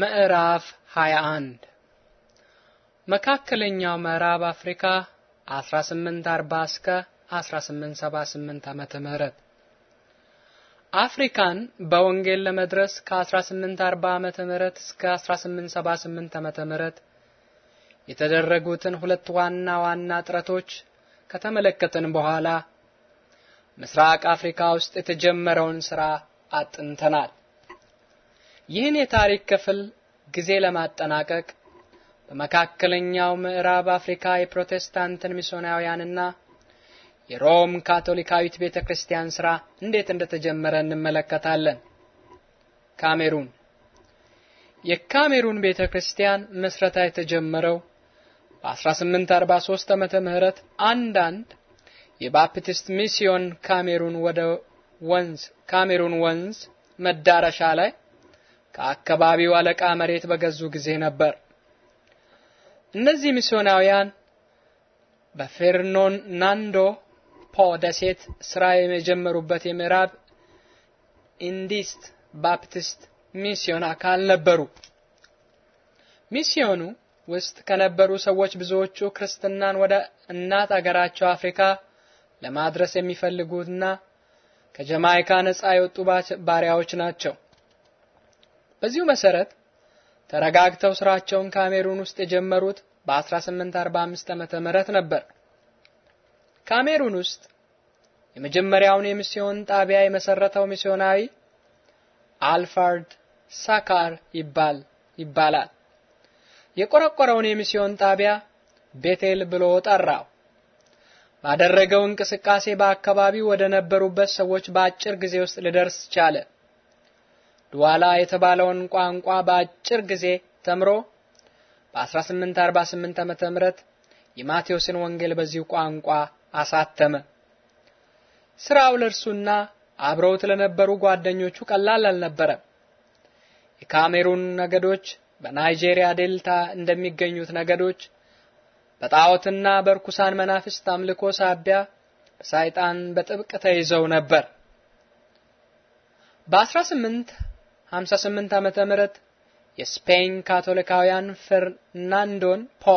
ምዕራፍ 21 መካከለኛው ምዕራብ አፍሪካ 1840 እስከ 1878 ዓመተ ምህረት አፍሪካን በወንጌል ለመድረስ ከ1840 ዓመተ ምህረት እስከ 1878 ዓመተ ምህረት የተደረጉትን ሁለት ዋና ዋና ጥረቶች ከተመለከትን በኋላ ምስራቅ አፍሪካ ውስጥ የተጀመረውን ስራ አጥንተናል። ይህን የታሪክ ክፍል ጊዜ ለማጠናቀቅ በመካከለኛው ምዕራብ አፍሪካ የፕሮቴስታንትን ሚስዮናውያንና የሮም ካቶሊካዊት ቤተ ክርስቲያን ሥራ እንዴት እንደተጀመረ እንመለከታለን። ካሜሩን የካሜሩን ቤተ ክርስቲያን ምስረታ የተጀመረው በ1843 ዓመተ ምህረት አንዳንድ የባፕቲስት ሚስዮን ካሜሩን ወደ ወንዝ ካሜሩን ወንዝ መዳረሻ ላይ ከአካባቢው አለቃ መሬት በገዙ ጊዜ ነበር። እነዚህ ሚስዮናውያን በፌርናንዶ ፖ ደሴት ስራ የጀመሩበት የምዕራብ ኢንዲስት ባፕቲስት ሚስዮን አካል ነበሩ። ሚስዮኑ ውስጥ ከነበሩ ሰዎች ብዙዎቹ ክርስትናን ወደ እናት አገራቸው አፍሪካ ለማድረስ የሚፈልጉትና ከጀማይካ ነፃ የወጡ ባሪያዎች ናቸው። በዚሁ መሰረት ተረጋግተው ስራቸውን ካሜሩን ውስጥ የጀመሩት በ1845 ዓመተ ምህረት ነበር። ካሜሩን ውስጥ የመጀመሪያውን የሚስዮን ጣቢያ የመሰረተው ሚስዮናዊ አልፋርድ ሳካር ይባል ይባላል። የቆረቆረውን የሚስዮን ጣቢያ ቤቴል ብሎ ጠራው። ባደረገው እንቅስቃሴ በአካባቢው ወደ ነበሩበት ሰዎች በአጭር ጊዜ ውስጥ ሊደርስ ቻለ። ድዋላ የተባለውን ቋንቋ በአጭር ጊዜ ተምሮ በ1848 ዓመተ ምህረት የማቴዎስን ወንጌል በዚሁ ቋንቋ አሳተመ። ስራው ለእርሱና አብረውት ለነበሩ ጓደኞቹ ቀላል አልነበረም። የካሜሩን ነገዶች በናይጄሪያ ዴልታ እንደሚገኙት ነገዶች በጣዖትና በርኩሳን መናፍስት አምልኮ ሳቢያ በሳይጣን በጥብቅ ተይዘው ነበር። በ18 58 ዓመተ ምህረት የስፔን ካቶሊካውያን ፈርናንዶን ፖ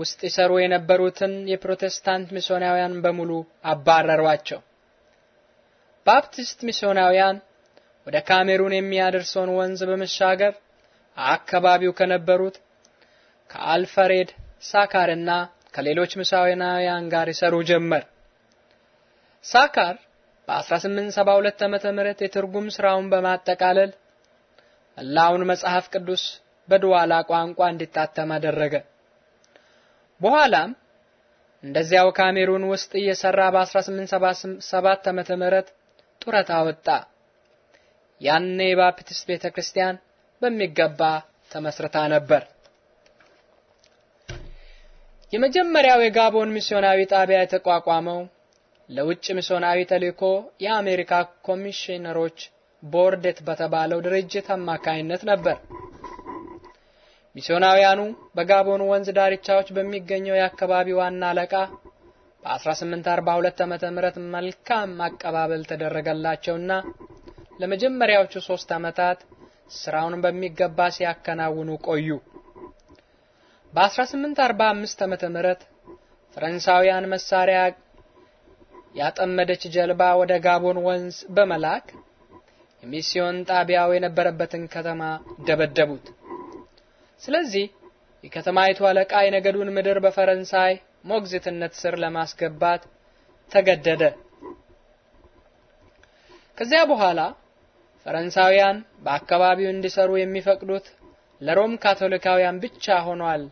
ውስጥ ይሰሩ የነበሩትን የፕሮቴስታንት ሚስዮናውያን በሙሉ አባረሯቸው። ባፕቲስት ሚስዮናውያን ወደ ካሜሩን የሚያደርሰውን ወንዝ በመሻገር አካባቢው ከነበሩት ከአልፈሬድ ሳካርና ከሌሎች ሚስዮናውያን ጋር ይሰሩ ጀመር። ሳካር በ1872 ዓመተ ምህረት የትርጉም ስራውን በማጠቃለል መላውን መጽሐፍ ቅዱስ በድዋላ ቋንቋ እንዲታተም አደረገ። በኋላም እንደዚያው ካሜሩን ውስጥ እየሰራ በ1877 ዓመተ ምህረት ጡረታ ወጣ። ያኔ የባፕቲስት ቤተክርስቲያን በሚገባ ተመስርታ ነበር። የመጀመሪያው የጋቦን ሚስዮናዊ ጣቢያ የተቋቋመው ለውጭ ሚስዮናዊ ተልእኮ የአሜሪካ ኮሚሽነሮች ቦርድ በተባለው ድርጅት አማካይነት ነበር። ሚስዮናውያኑ በጋቦን ወንዝ ዳርቻዎች በሚገኘው የአካባቢ ዋና አለቃ በ1842 ዓመተ ምህረት መልካም አቀባበል ተደረገላቸውና ለመጀመሪያዎቹ ሶስት ዓመታት ስራውን በሚገባ ሲያከናውኑ ቆዩ። በ1845 ዓመተ ምህረት ፈረንሳውያን መሳሪያ ያጠመደች ጀልባ ወደ ጋቦን ወንዝ በመላክ የሚስዮን ጣቢያው የነበረበትን ከተማ ደበደቡት። ስለዚህ የከተማይቱ አለቃ የነገዱን ምድር በፈረንሳይ ሞግዚትነት ስር ለማስገባት ተገደደ። ከዚያ በኋላ ፈረንሳውያን በአካባቢው እንዲሰሩ የሚፈቅዱት ለሮም ካቶሊካውያን ብቻ ሆኗል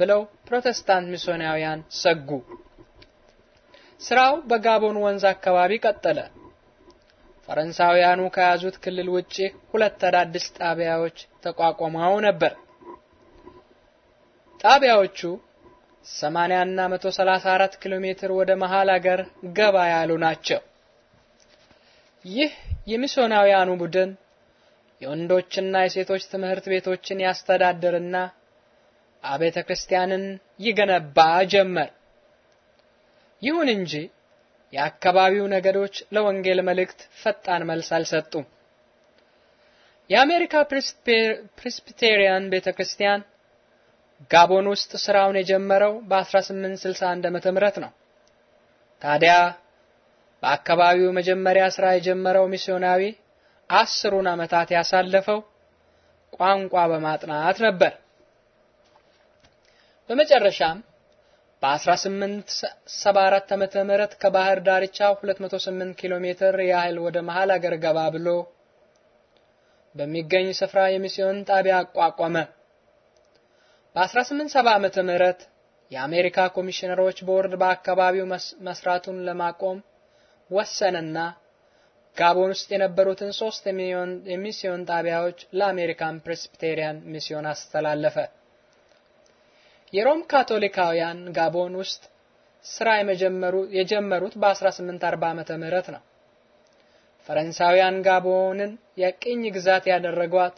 ብለው ፕሮቴስታንት ሚስዮናውያን ሰጉ። ስራው በጋቦን ወንዝ አካባቢ ቀጠለ። ፈረንሳውያኑ ከያዙት ክልል ውጪ ሁለት አዳዲስ ጣቢያዎች ተቋቁመው ነበር። ጣቢያዎቹ 80 እና 134 ኪሎ ሜትር ወደ መሃል አገር ገባ ያሉ ናቸው። ይህ የሚስዮናውያኑ ቡድን የወንዶችና የሴቶች ትምህርት ቤቶችን ያስተዳድርና አቤተክርስቲያንን ክርስቲያንን ይገነባ ጀመር። ይሁን እንጂ የአካባቢው ነገዶች ለወንጌል መልእክት ፈጣን መልስ አልሰጡም። የአሜሪካ ፕሬስቢቴሪያን ቤተክርስቲያን ጋቦን ውስጥ ስራውን የጀመረው በ1861 ዓመተ ምህረት ነው። ታዲያ በአካባቢው መጀመሪያ ስራ የጀመረው ሚስዮናዊ አስሩን ዓመታት ያሳለፈው ቋንቋ በማጥናት ነበር። በመጨረሻም በ1874 ዓመተ ምህረት ከባህር ዳርቻ 208 ኪሎ ሜትር ያህል ወደ መሃል አገር ገባ ብሎ በሚገኝ ስፍራ የሚስዮን ጣቢያ አቋቋመ። በ1870 ዓመተ ምህረት የአሜሪካ ኮሚሽነሮች ቦርድ በአካባቢው መስራቱን ለማቆም ወሰነና ጋቦን ውስጥ የነበሩትን ሶስት የሚስዮን ጣቢያዎች ለአሜሪካን ፕሬስቢቴሪያን ሚስዮን አስተላለፈ። የሮም ካቶሊካውያን ጋቦን ውስጥ ስራ የጀመሩት በ1840 ዓመተ ምህረት ነው። ፈረንሳውያን ጋቦንን የቅኝ ግዛት ያደረጓት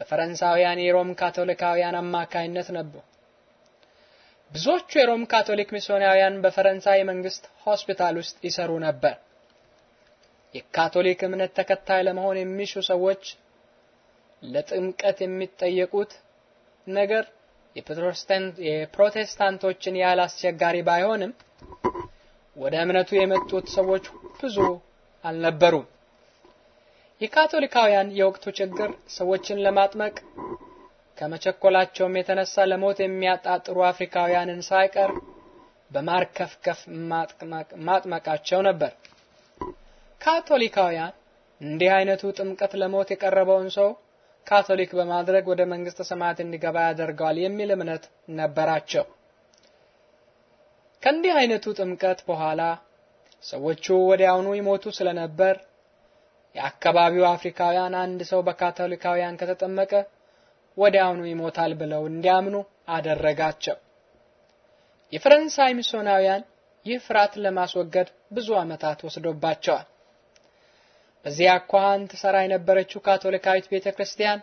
በፈረንሳውያን የሮም ካቶሊካውያን አማካይነት ነበር። ብዙዎቹ የሮም ካቶሊክ ሚስዮናውያን በፈረንሳይ መንግስት ሆስፒታል ውስጥ ይሰሩ ነበር። የካቶሊክ እምነት ተከታይ ለመሆን የሚሹ ሰዎች ለጥምቀት የሚጠየቁት ነገር የፕሮቴስታንቶችን ያህል አስቸጋሪ ባይሆንም ወደ እምነቱ የመጡት ሰዎች ብዙ አልነበሩም። የካቶሊካውያን የወቅቱ ችግር ሰዎችን ለማጥመቅ ከመቸኮላቸውም የተነሳ ለሞት የሚያጣጥሩ አፍሪካውያንን ሳይቀር በማርከፍከፍ ማጥመቃቸው ነበር። ካቶሊካውያን እንዲህ አይነቱ ጥምቀት ለሞት የቀረበውን ሰው ካቶሊክ በማድረግ ወደ መንግስተ ሰማያት እንዲገባ ያደርገዋል የሚል እምነት ነበራቸው። ከእንዲህ አይነቱ ጥምቀት በኋላ ሰዎቹ ወዲያውኑ ይሞቱ ስለነበር የአካባቢው አፍሪካውያን አንድ ሰው በካቶሊካውያን ከተጠመቀ ወዲያውኑ ይሞታል ብለው እንዲያምኑ አደረጋቸው። የፈረንሳይ ሚስዮናውያን ይህ ፍርሃት ለማስወገድ ብዙ ዓመታት ወስዶባቸዋል። በዚያ አኳኋን ትሰራ የነበረችው ካቶሊካዊት ቤተ ክርስቲያን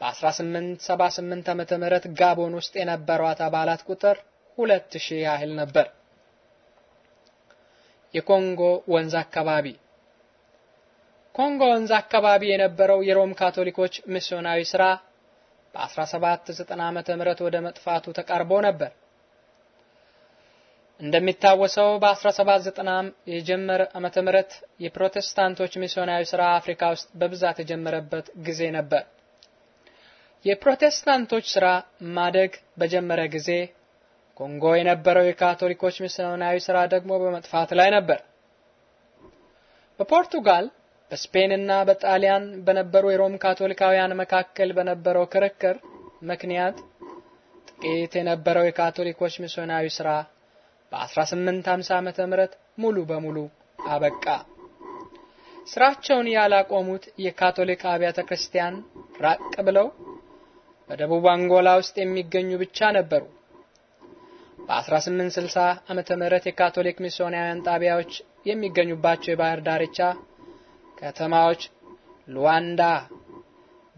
በ1878 ዓመተ ምህረት ጋቦን ውስጥ የነበሯት አባላት ቁጥር 2000 ያህል ነበር። የኮንጎ ወንዝ አካባቢ ኮንጎ ወንዝ አካባቢ የነበረው የሮም ካቶሊኮች ሚስዮናዊ ስራ በ1790 ዓመተ ምህረት ወደ መጥፋቱ ተቃርቦ ነበር። እንደሚታወሰው በ1790 የጀመረ ዓመተ ምህረት የፕሮቴስታንቶች ሚስዮናዊ ስራ አፍሪካ ውስጥ በብዛት የጀመረበት ጊዜ ነበር። የፕሮቴስታንቶች ስራ ማደግ በጀመረ ጊዜ ኮንጎ የነበረው የካቶሊኮች ሚስዮናዊ ስራ ደግሞ በመጥፋት ላይ ነበር። በፖርቱጋል በስፔንና እና በጣሊያን በነበሩ የሮም ካቶሊካውያን መካከል በነበረው ክርክር ምክንያት ጥቂት የነበረው የካቶሊኮች ሚስዮናዊ ስራ በ1850 ዓመተ ምህረት ሙሉ በሙሉ አበቃ። ስራቸውን ያላቆሙት የካቶሊክ አብያተ ክርስቲያን ራቅ ብለው በደቡብ አንጎላ ውስጥ የሚገኙ ብቻ ነበሩ። በ1860 ዓመተ ምህረት የካቶሊክ ሚስዮናውያን ጣቢያዎች የሚገኙባቸው የባህር ዳርቻ ከተማዎች ሉዋንዳ፣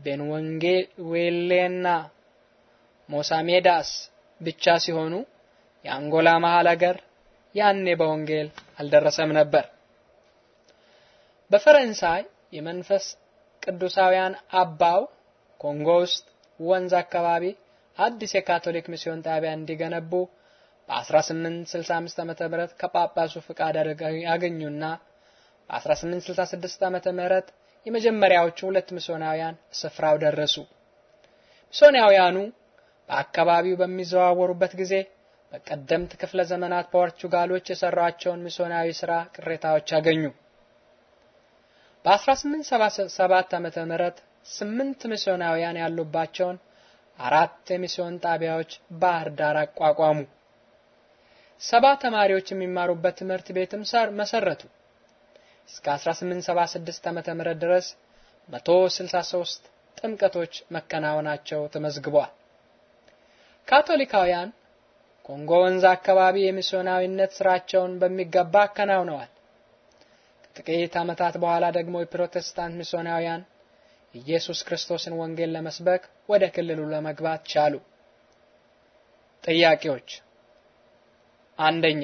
ቤንወንጌ ዌሌና ሞሳሜዳስ ብቻ ሲሆኑ የአንጎላ መሃል አገር ያኔ በወንጌል አልደረሰም ነበር። በፈረንሳይ የመንፈስ ቅዱሳውያን አባው ኮንጎ ውስጥ ወንዝ አካባቢ አዲስ የካቶሊክ ሚስዮን ጣቢያ እንዲገነቡ በ1865 ዓመተ ምህረት ከጳጳሱ ፍቃድ ያገኙና በ1866 ዓመተ ምህረት የመጀመሪያዎቹ ሁለት ሚስዮናውያን ስፍራው ደረሱ። ሚስዮናውያኑ በአካባቢው በሚዘዋወሩበት ጊዜ በቀደምት ክፍለ ዘመናት ፖርቹጋሎች የሰሯቸውን ሚስዮናዊ ሥራ ቅሬታዎች አገኙ። በ1877 ዓ.ም ስምንት ሚስዮናውያን ያሉባቸውን አራት የሚስዮን ጣቢያዎች ባህር ዳር አቋቋሙ። ሰባ ተማሪዎች የሚማሩበት ትምህርት ቤትም መሰረቱ። እስከ 1876 ዓ.ም ድረስ 163 ጥምቀቶች መከናወናቸው ተመዝግቧል። ካቶሊካውያን ኮንጎ ወንዝ አካባቢ የሚስዮናዊነት ስራቸውን በሚገባ አከናውነዋል። ከጥቂት ዓመታት በኋላ ደግሞ የፕሮቴስታንት ሚስዮናውያን ኢየሱስ ክርስቶስን ወንጌል ለመስበክ ወደ ክልሉ ለመግባት ቻሉ። ጥያቄዎች፣ አንደኛ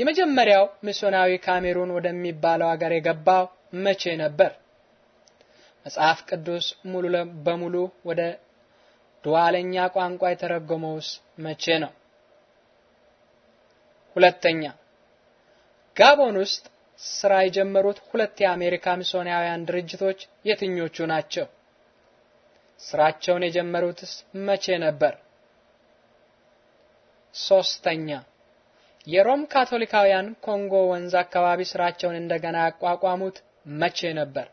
የመጀመሪያው ሚስዮናዊ ካሜሩን ወደሚባለው ሀገር የገባው መቼ ነበር? መጽሐፍ ቅዱስ ሙሉ በሙሉ ወደ በኋለኛ ቋንቋ የተረጎመውስ መቼ ነው? ሁለተኛ ጋቦን ውስጥ ስራ የጀመሩት ሁለት የአሜሪካ ሚስዮናውያን ድርጅቶች የትኞቹ ናቸው? ስራቸውን የጀመሩትስ መቼ ነበር? ሶስተኛ የሮም ካቶሊካውያን ኮንጎ ወንዝ አካባቢ ስራቸውን እንደገና ያቋቋሙት መቼ ነበር?